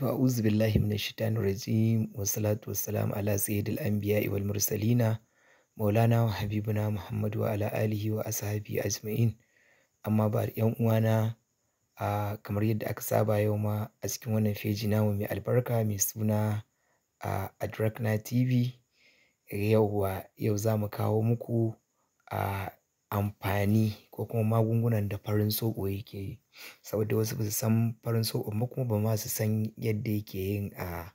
To a'udhu billahi minash shaitanir rajim wassalatu wassalamu ala sayyidil anbiya'i wal mursalina maulana wa habibuna Muhammad wa ala alihi wa ashabi ajma'in amma ba yan uwana a kamar yadda aka saba yau ma a cikin wannan feji namu mai albarka mai suna a Adrakna TV yauwa yau za mu kawo muku a amfani ko kuma magungunan da farin soɓo yake yi. Saboda wasu ba su san farin soɓon ba kuma ba ma su san yadda yake yin a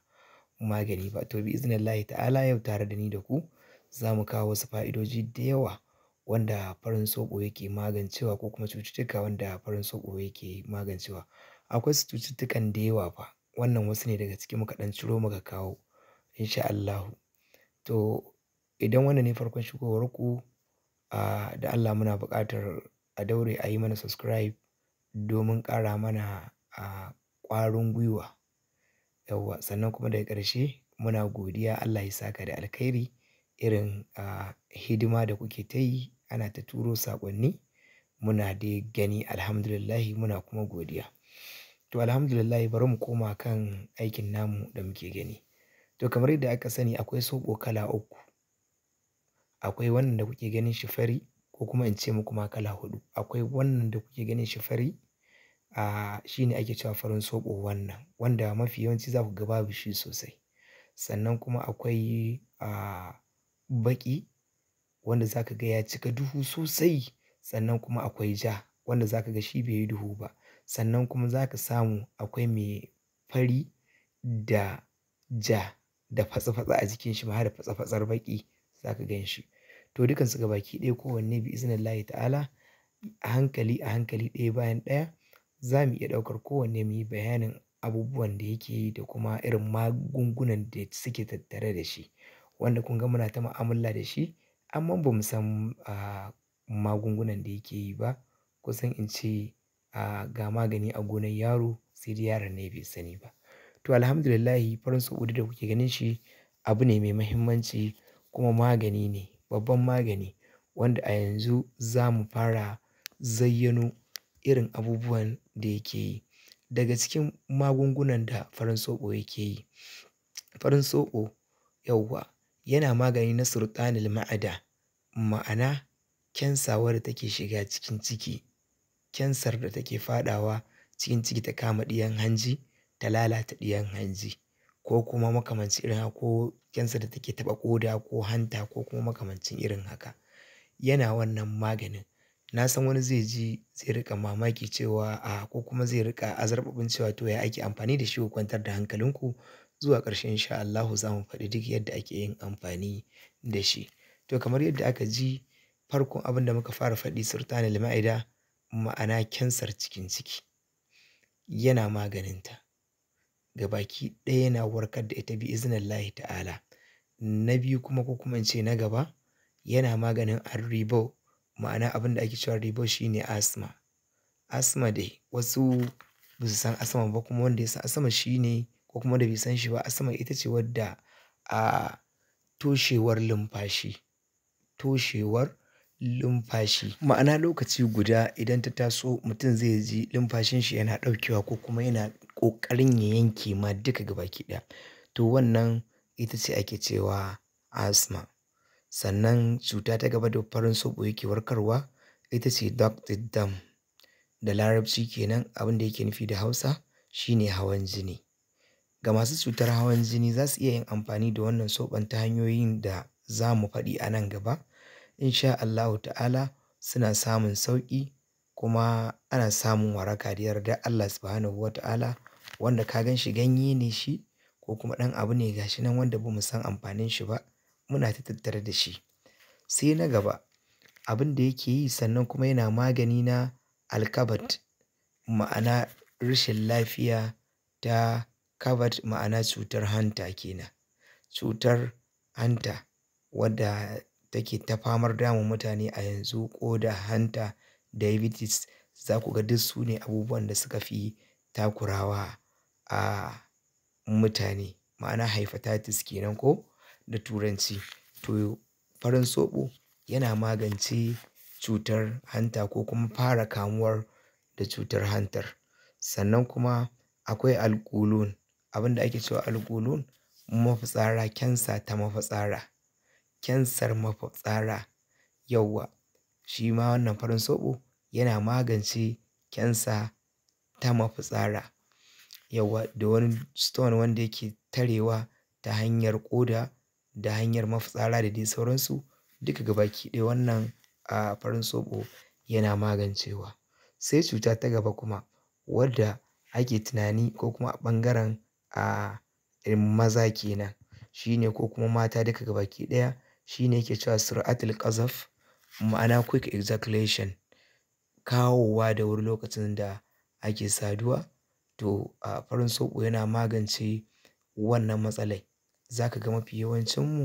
magani ba. To izinin lahi ta'ala yau tare da ni da ku za mu kawo wasu fa'idoji da yawa wanda farin soɓo yake magancewa ko kuma cututtuka wanda farin soɓo yake magancewa. Akwai su cututtukan da yawa fa. Wannan wasu ne daga ciki muka ɗan ciro muka kawo InshaAllahu. To idan wannan ne farkon shigowar ku da Allah muna buƙatar a daure a yi mana subscribe domin ƙara mana a ƙwarin gwiwa. Yauwa sannan kuma daga ƙarshe muna godiya Allah ya saka da alkhairi irin hidima da kuke ta yi ana ta turo saƙonni muna dai gani alhamdulillahi muna kuma godiya. To alhamdulillahi bari mu koma kan aikin namu da muke gani. To kamar yadda aka sani akwai soɓo kala uku. Akwai wannan da kuke ganin shi fari ko kuma in ce muku ma kala hudu. Akwai wannan da kuke ganin shi fari, a shi ne ake cewa farin soɓo wannan wanda mafi yawanci za ku ga babu shi sosai. Sannan kuma akwai a baƙi wanda za ka ga ya cika duhu sosai. Sannan kuma akwai ja wanda za ka ga shi bai yi duhu ba. Sannan kuma za ka samu akwai mai fari da ja da fatsa-fatsa a jikin shi ma har da fatsar baƙi. za ka gan shi to dukansu gabaki ɗaya kowanne bi iznillahi ta'ala a hankali a hankali ɗaya bayan ɗaya za mu iya ɗaukar kowanne mu yi bayanin abubuwan da yake yi da kuma irin magungunan da suke tattare da shi wanda kun ga muna ta mu'amala da shi amma ba mu san magungunan da yake yi ba kusan in ce ga magani a gonan yaro sai da yaron ne bai sani ba to alhamdulillahi farin saudi da kuke ganin shi abu ne mai mahimmanci kuma magani ne, babban magani wanda a yanzu za mu fara zayyano irin abubuwan da yake yi. Daga cikin magungunan da farin soɓo yake yi, farin soɓo yauwa yana magani na surtanil ma'ada, ma'ana kyansawar da take shiga cikin ciki, kyansar da take fadawa cikin ciki ta kama ɗiyan hanji ta lalata ɗiyan hanji. ko kuma makamancin irin haka ko kyansa da take taɓa ƙoda ko hanta ko kuma makamancin irin haka. Yana wannan maganin. Na san wani zai ji zai rika mamaki cewa a ko kuma zai rika azarbabin cewa to ya ake amfani da shi ku kwantar da hankalinku zuwa ƙarshe insha Allah za mu faɗi duk yadda ake yin amfani da shi. To kamar yadda aka ji farkon abin da muka fara faɗi surtani lima'ida ma'ana kyansar cikin ciki yana maganinta. baki ɗaya yana warkar da ita bi iznillahi ta'ala na biyu kuma ko kuma in ce na gaba yana maganin arribo ma'ana abin da ake cewa ribo shine asma asma dai wasu ba su san asma ba kuma wanda ya san asma shine ko kuma da bai san shi ba asma ita ce wadda a toshewar lumfashi toshewar lumfashi ma'ana lokaci guda idan ta taso mutum zai ji lumfashin shi yana ɗaukewa ko kuma yana ƙoƙarin ya yanke ma duka gabaki ɗaya. To wannan ita ce ake cewa asma Sannan cuta ta gaba da farin soɓo yake warkarwa ita ce dam. Da Larabci kenan abin da yake nufi da Hausa shine hawan jini. Ga masu cutar hawan jini za su iya yin amfani da wannan soɓon ta hanyoyin da za mu faɗi a nan gaba. In Allahu ta'ala suna samun sauƙi kuma ana samun waraka da yarda Allah Subhanahu wa ta'ala. wanda ka gan shi ganye ne shi ko kuma ɗan abu ne gashi nan wanda ba mu san amfanin shi ba muna ta tattare da shi. Sai na gaba abin da yake yi sannan kuma yana magani na alkabat ma'ana rashin lafiya ta kabat ma'ana cutar hanta kenan. Cutar hanta wadda take ta famar damun mutane a yanzu ko da hanta, diabetes za ku ga duk su ne abubuwan da suka fi takurawa a mutane ma'ana hepatitis kenan ko da turanci. To farin soɓo yana magance cutar hanta ko kuma fara kamuwar da cutar hantar. Sannan kuma akwai alkulun. Abinda ake cewa alkulun mafitsara kyansa ta mafitsara. Kyansar mafitsara yauwa shi ma wannan farin soɓo yana magance kyansa ta mafitsara. yauwa da wani stone wanda yake tarewa ta hanyar ƙoda da hanyar mafitsara da dai sauransu duka gabaki ɗaya wannan a farin sobo yana magancewa. Sai cuta ta gaba kuma wadda ake tunani ko kuma a ɓangaren a maza kenan shine ko kuma mata duka gabaki ɗaya shine yake cewa sur'atul qazaf ma'ana quick ejaculation kawowa da wuri lokacin da ake saduwa to a farin soɓo yana magance wannan matsalai. Za ka ga mafi yawancinmu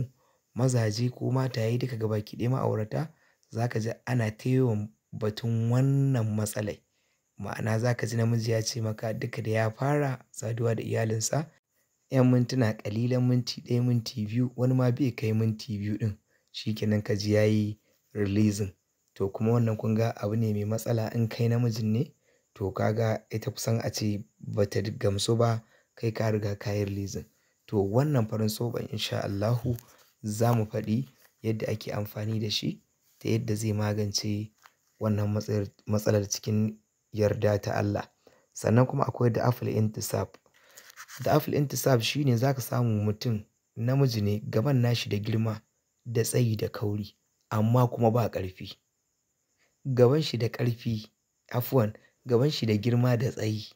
mazaje ko mataye duka gaba ɗaya ma'aurata za ka ji ana ta batun wannan matsalai. Ma'ana za ka ji namiji ya ce maka duka da ya fara saduwa da iyalinsa, 'yan mintuna ƙalilan minti ɗaya, minti biyu wani ma bai kai minti biyu ɗin shi kenan ka ji ya yi releasing. To kuma wannan kun ga abu ne mai matsala in kai namijin ne to kaga ita kusan a ce ba ta gamsu ba kai ka riga kayan lizin To wannan farin soɓon insha Allahu za mu faɗi yadda ake amfani da shi ta yadda zai magance wannan matsalar cikin yarda ta Allah. Sannan kuma akwai da Da intisab. afil intisab shi ne za ka samu mutum namiji ne gaban nashi da girma da tsayi da kauri amma kuma ba ƙarfi. Gaban shi da ƙarfi, afuwan. gaban shi da girma da tsayi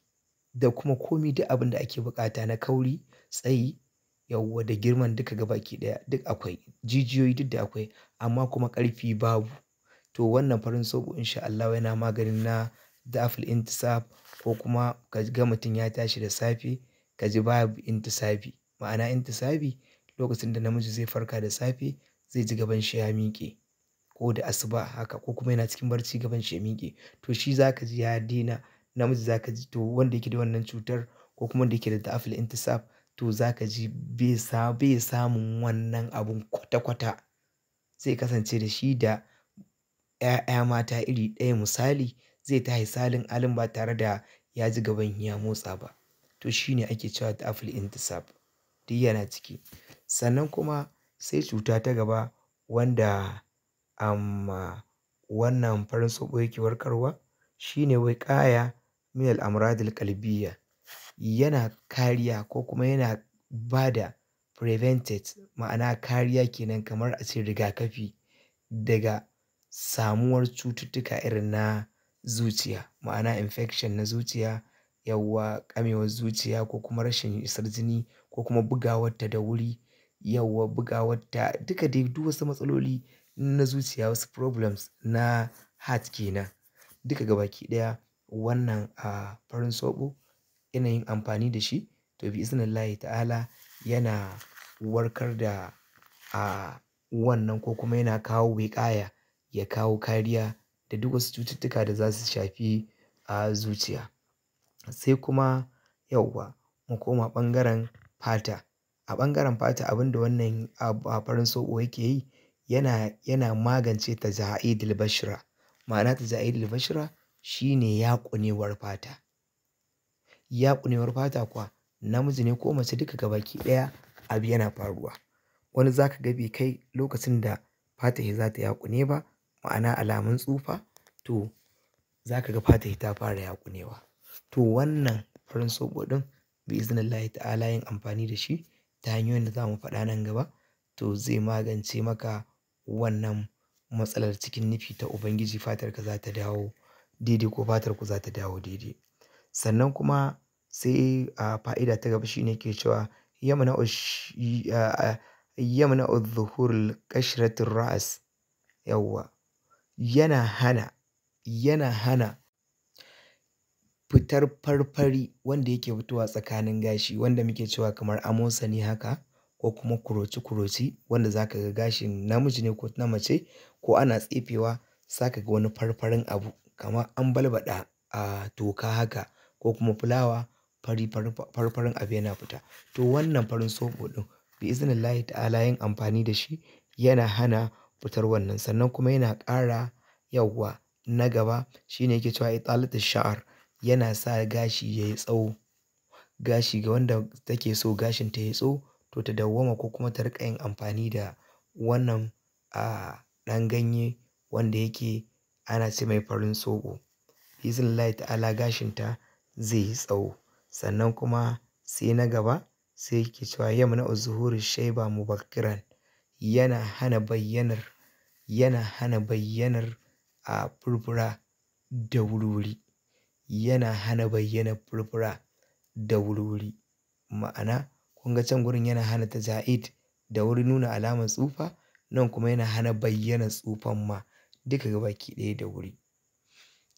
da kuma komi duk abin da ake bukata na kauri, tsayi, yawwa, da girman duka gabaki ɗaya duk akwai. Jijiyoyi duk da akwai amma kuma karfi babu. To wannan farin soɓo in sha Allahu yana maganin na daful intisab ko kuma ka ga mutum ya tashi da safe ka ji babu intisabi. Ma'ana intisabi lokacin da namiji zai farka da safe zai ji gaban shi ya miƙe. ko da asuba haka ko kuma yana cikin barci gaban shi ya miƙe to shi za ka ji ya daina namiji za ka ji to wanda yake da wannan cutar ko kuma wanda yake da da'aful intisab to za ka ji bai samun wannan abun kwata-kwata zai kasance da shi da 'ya'ya mata iri ɗaya misali zai ta salin alin ba tare da ya ji gaban ya motsa ba to shi ne ake cewa da'aful intisab duk yana ciki sannan kuma sai cuta ta gaba wanda amma wannan farin soɓo yake warkarwa shi ne shine ƙaya minal al’amuradil qalbiyya. Yana kariya ko kuma yana ba da prevented ma'ana kariya kenan kamar a ce rigakafi daga samuwar cututtuka irin na zuciya ma'ana infection na zuciya yawwa, ƙamewar zuciya ko kuma rashin isar jini ko kuma bugawarta da wuri yawwa bugawarta duka dai duk wasu matsaloli na zuciya wasu problems na heart kenan duka gabaki ɗaya wannan a farin soɓo ina yin amfani da shi to bi iznillahi ta'ala yana warkar da a wannan ko kuma yana kawo wiƙaya ya kawo kariya da duk wasu cututtuka da za su shafi a zuciya sai kuma yauwa mu koma ɓangaren fata a ɓangaren fata abinda wannan a farin soɓo yake yi yana, yana magance za'idul bashira. Ma'ana ta za'idul bashira shine yaƙunewar fata. Yaƙunewar fata kuwa namiji ne ko mace duka gaba ki ɗaya abu yana faruwa. Wani zaka ga bai kai lokacin da fata ya za ta yaƙune ba ma'ana alamun tsufa to zaka ga fatahi ta fara yaƙunewa. To wannan farin soɓo ɗin bi'iznillahi ta'ala yin amfani da shi ta hanyoyin da za mu faɗa nan gaba to zai magance maka wannan matsalar cikin nufi ta Ubangiji fatarka za ta dawo daidai ko fatarku za ta dawo daidai. Sannan kuma sai a fa'ida ta gaba shine ke cewa yamna shi yamna'u ra'as yana hana yana hana fitar farfari wanda yake fitowa tsakanin gashi wanda muke cewa kamar amosani haka ko kuma kuroci kuroci wanda za ka ga gashin namiji ne ko na mace ko ana tsefewa za ka ga wani farfarin abu kamar an balbaɗa a toka haka ko kuma fulawa fari farfarin abu yana fita. To wannan farin soɓo ɗin bi'iznillahi ta'ala yin amfani da shi yana hana fitar wannan sannan kuma yana ƙara yawwa. na gaba shine yake cewa italatu sha'ar yana sa gashi yayi tsawo. Gashi ga wanda take so gashin ta yi tsawo to ta dawwama ko kuma ta riƙa yin amfani da wannan a ɗan ganye wanda yake ana ce mai farin soɓo. ta ala gashinta zai yi tsawo. Sannan kuma sai na gaba sai ke cewa na zuhuri shaiba mubakiran. yana hana bayyanar, yana hana bayyanar a furfura da wuri Yana hana bayyanar furfura da wuri Ma'ana kun ga can gurin yana hana ta za'id da wuri nuna alamar tsufa nan kuma yana hana bayyana tsufan ma duka ga baki ɗaya da wuri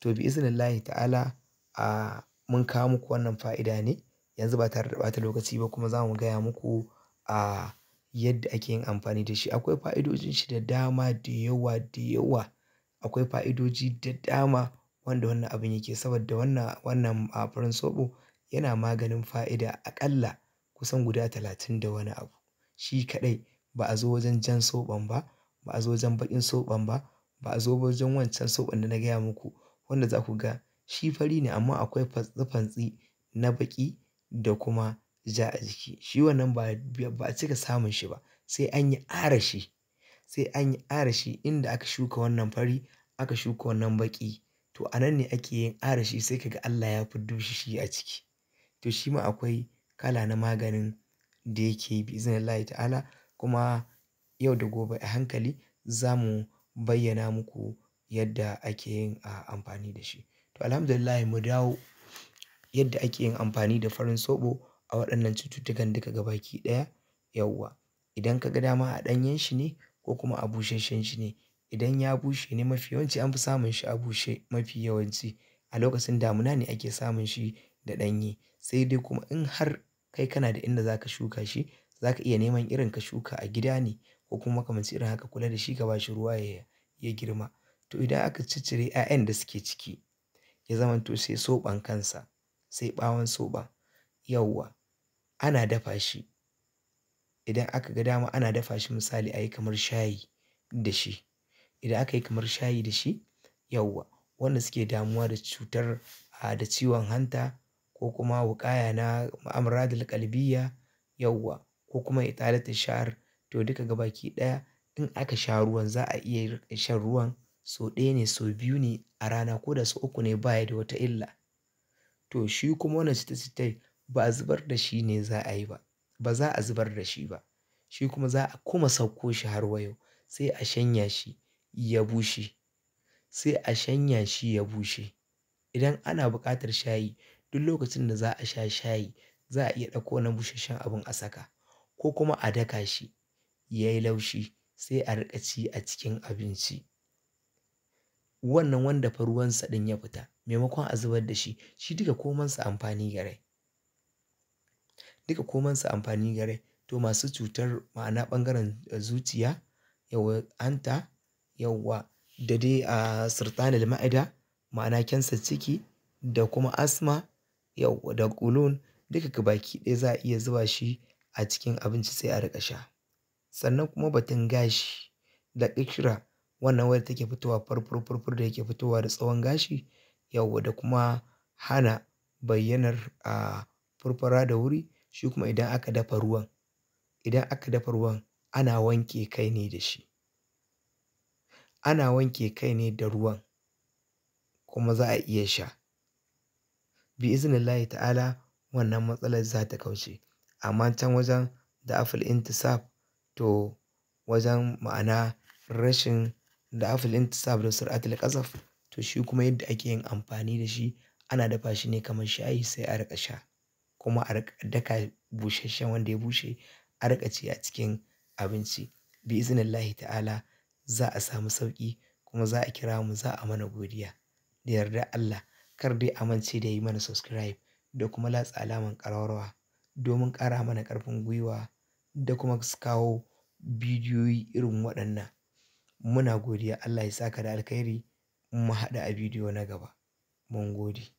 to bi iznillahi ta'ala a mun kawo muku wannan fa'ida ne yanzu ba tare da ɓata lokaci ba kuma za mu gaya muku a yadda ake yin amfani da shi akwai fa'idojin shi da dama da yawa da yawa akwai fa'idoji da dama wanda wannan abin yake saboda wannan wannan a soɓo yana maganin fa'ida aƙalla kusan guda talatin da wani abu shi kaɗai ba a zo wajen jan soɓon ba ba a zo wajen baƙin soɓon ba ba a zo wajen wancan soɓon da na gaya muku wanda za ku ga shi fari ne amma akwai fantsi na baƙi da kuma ja a jiki shi wannan ba a cika samun shi ba sai an yi arashi sai an yi arashi inda aka shuka wannan fari aka shuka wannan baƙi to a nan ne ake yin arashi sai kaga Allah ya fi shi shi a ciki to shi ma akwai kala na maganin da yake bi iznillahi ta'ala. Kuma yau da gobe a hankali za mu bayyana muku yadda ake yin amfani da shi. To Alhamdulillah mu dawo yadda ake yin amfani da farin soɓo a waɗannan cututtukan duka gabaki ɗaya yauwa. Idan ka ga dama a ɗanyen shi ne ko kuma a busasshen shi ne. Idan ya bushe ne mafi yawanci an fi samun shi a bushe mafi yawanci. A lokacin damuna ne ake samun shi da ɗanye. Sai dai kuma in har kai kana da inda zaka shuka shi zaka iya neman irin ka shuka a gida ne ko kuma makamancin irin haka kula da shi ka ba shi ruwa ya, girma. To idan aka ciccire 'ya'yan da suke ciki ya zamanto sai soɓan kansa sai ɓawon soɓon Yawwa, ana dafa shi. Idan aka ga dama ana dafa shi misali ayi kamar shayi da shi. Idan aka yi kamar shayi da shi Yawwa, wanda suke damuwa da cutar da ciwon hanta ko kuma wuƙaya na amradul qalbiyya yauwa ko kuma italatul sha'r to duka gabaki ɗaya in aka sha ruwan za a iya shan ruwan sau ɗaya ne sau biyu ne a rana ko da sau uku ne baya da wata illa. To shi kuma wannan citta ba a zubar da shi ne za a yi ba, ba za a zubar da shi ba. Shi kuma za a kuma sauko shi har wayo sai a shanya shi ya bushe, sai a shanya shi ya bushe. Idan ana buƙatar shayi Duk lokacin da za a sha shayi za a iya ɗauko na busasshen abin a saka ko kuma a daka shi ya yi laushi sai a riƙa ci a cikin abinci. Wannan wanda fa ruwansa ɗin ya fita maimakon a zubar da shi, shi duka komansa amfani garai. Duka komansa amfani garai. To masu cutar ma'ana ɓangaren eh, zuciya, yawa hanta, yauwa da dai a ah, sirtanil ma'ida ma'ana kyansar ciki da kuma asma yauwa da kulun duka baki ɗaya za a iya zuba shi a cikin abinci sai a riƙa sha. Sannan kuma batun gashi da ƙishira wannan wadda take fitowa furfur da yake fitowa da tsawon gashi Yau da kuma hana bayyanar a furfura da wuri shi kuma idan aka dafa ruwan idan aka dafa ruwan ana wanke kai ne da shi. Ana wanke kai ne da ruwan kuma za a iya sha. bi iznillahi ta'ala wannan matsalar za ta kauce amma can wajen da aful intisab to wajen ma'ana rashin da aful intisab da sur'atul ƙazaf to shi kuma yadda ake yin amfani da shi ana dafa shi ne kamar shayi sai a rika sha kuma a daka busasshen wanda ya bushe a rika ci a cikin abinci bi iznillahi ta'ala za a samu sauƙi kuma za a kira mu za a mana godiya da yarda Allah kar dai amince da yi mana subscribe da kuma latsa alaman ƙararrawa domin ƙara mana ƙarfin gwiwa da kuma kawo bidiyoyi irin waɗannan. Muna godiya Allah ya saka da alkhairi mu haɗa a bidiyo na gaba. Mun gode.